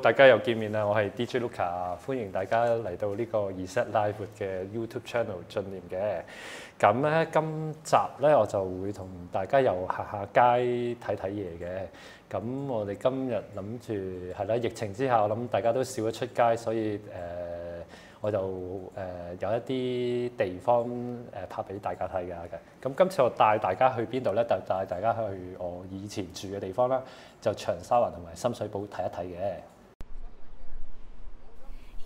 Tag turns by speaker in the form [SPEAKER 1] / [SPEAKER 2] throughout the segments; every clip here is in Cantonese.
[SPEAKER 1] 大家又見面啦！我係 DJ Luka，歡迎大家嚟到呢個 ZLive 活嘅 YouTube channel 進念嘅。咁咧，今集咧我就會同大家遊下街睇睇嘢嘅。咁我哋今日諗住係啦，疫情之下，我諗大家都少咗出街，所以、呃、我就、呃、有一啲地方、呃、拍俾大家睇㗎嘅。咁今次我帶大家去邊度咧？就帶大家去我以前住嘅地方啦，就長沙灣同埋深水埗睇一睇嘅。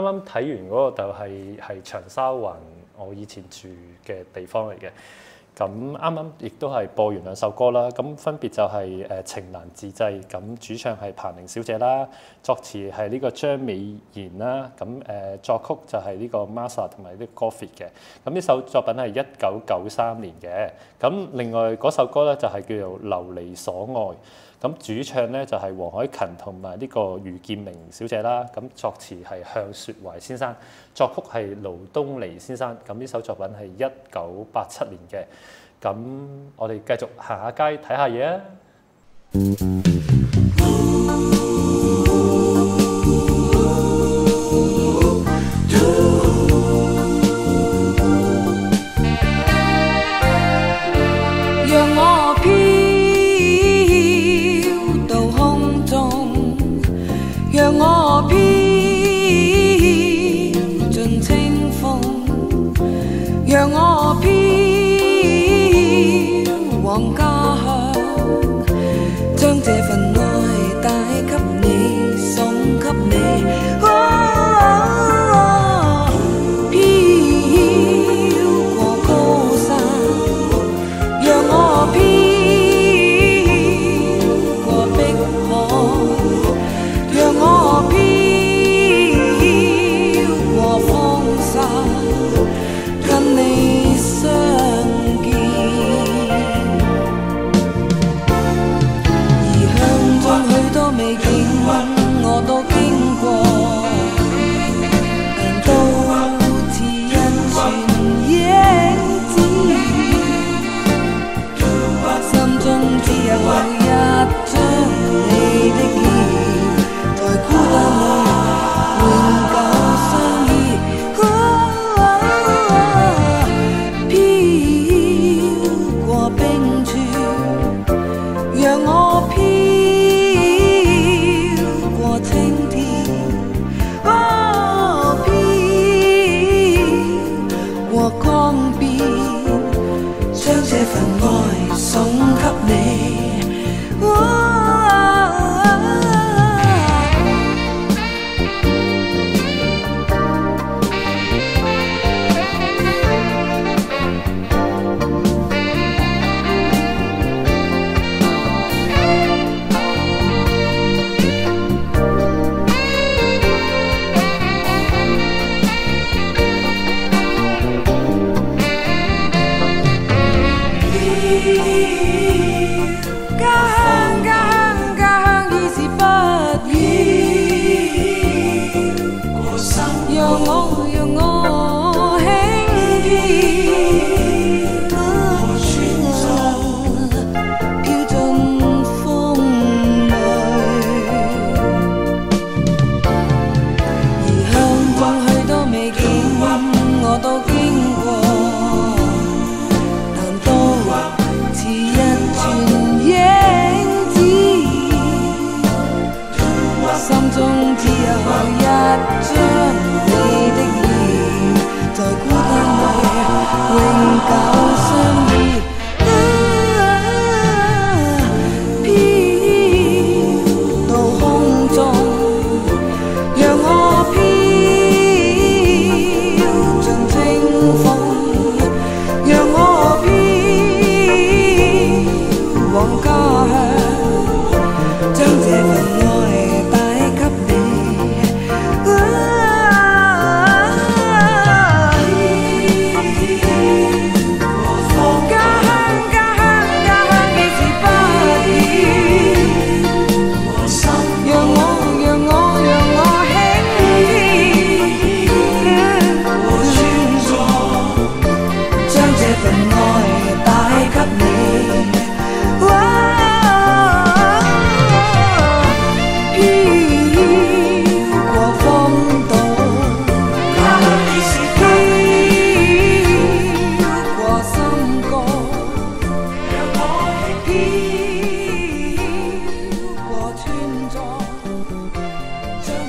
[SPEAKER 1] 啱啱睇完嗰個就係、是、係長沙灣，我以前住嘅地方嚟嘅。咁啱啱亦都係播完兩首歌啦。咁分別就係、是、誒情難自制，咁主唱係彭羚小姐啦，作詞係呢個張美賢啦。咁誒、呃、作曲就係呢個 Masser 同埋呢個 Goffin 嘅。咁呢首作品係一九九三年嘅。咁另外嗰首歌咧就係叫做流離所愛。咁主唱咧就係黃凱芹同埋呢個余劍明小姐啦。咁作詞係向雪懷先生，作曲係盧東尼先生。咁呢首作品係一九八七年嘅。咁我哋繼續行下街睇下嘢啊！嗯嗯嗯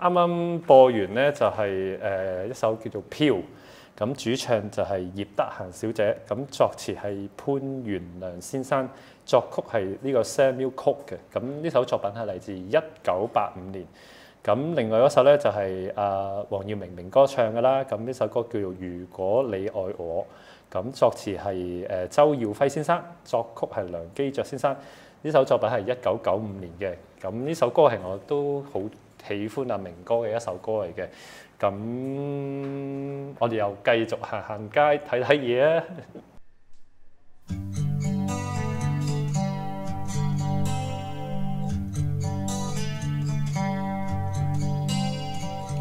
[SPEAKER 1] 啱啱播完咧、就係，就、呃、係一首叫做《飄》，咁主唱就係葉德嫻小姐，咁作詞係潘源良先生，作曲係呢、這個 Samuel Cook 嘅。咁呢首作品係嚟自一九八五年。咁另外嗰首咧就係阿黃耀明明歌唱噶啦，咁呢首歌叫做《如果你愛我》，咁作詞係、呃、周耀輝先生，作曲係梁基爵先生。呢首作品係一九九五年嘅。咁呢首歌係我都好喜歡阿明哥嘅一首歌嚟嘅，咁我哋又繼續行行街睇睇嘢
[SPEAKER 2] 啊！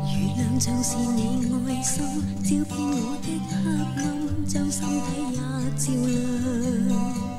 [SPEAKER 2] 月亮像是你愛心，照遍我的黑暗，將心底也照亮。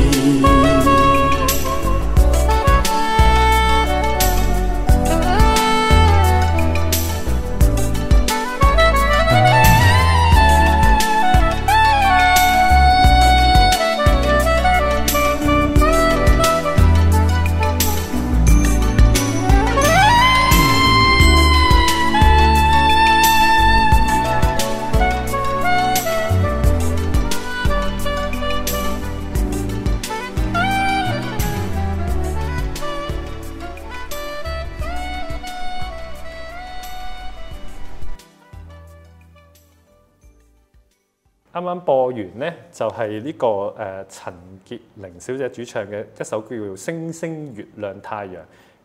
[SPEAKER 1] 就係、是、呢、這個誒、呃、陳潔靈小姐主唱嘅一首叫做《星星月亮太陽》，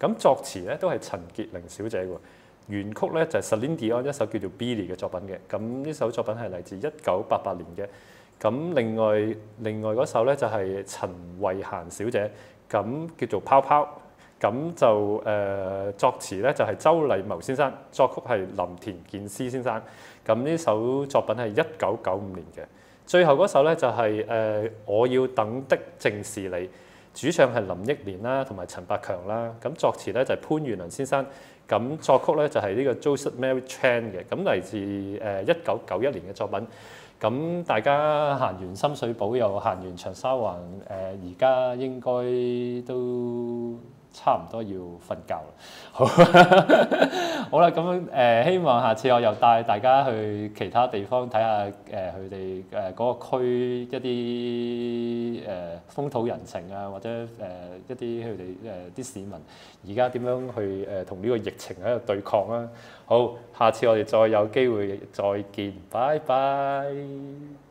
[SPEAKER 1] 咁作詞咧都係陳潔靈小姐喎。原曲咧就係、是、Celine Dion 一首叫做 Billy 嘅作品嘅。咁呢首作品係嚟自一九八八年嘅。咁另外另外嗰首咧就係、是、陳慧嫻小姐，咁叫做《拋拋》，咁就、呃、作詞咧就係、是、周禮茂先生，作曲係林田健司先生。咁呢首作品係一九九五年嘅。最後嗰首咧就係、是呃、我要等的正是你，主唱係林憶蓮啦，同埋陳百強啦。咁作詞咧就係潘源良先生，咁作曲咧就係呢個 Jose Mari Chan 嘅，咁嚟自誒一九九一年嘅作品。咁大家行完深水埗又行完長沙灣，而、呃、家應該都～差唔多要瞓覺啦， 好，好、呃、啦，咁誒希望下次我又帶大家去其他地方睇下誒佢哋誒嗰個區一啲誒、呃、風土人情啊，或者誒、呃、一啲佢哋誒啲市民而家點樣去誒同呢個疫情喺度對抗啦、啊。好，下次我哋再有機會再見，拜拜。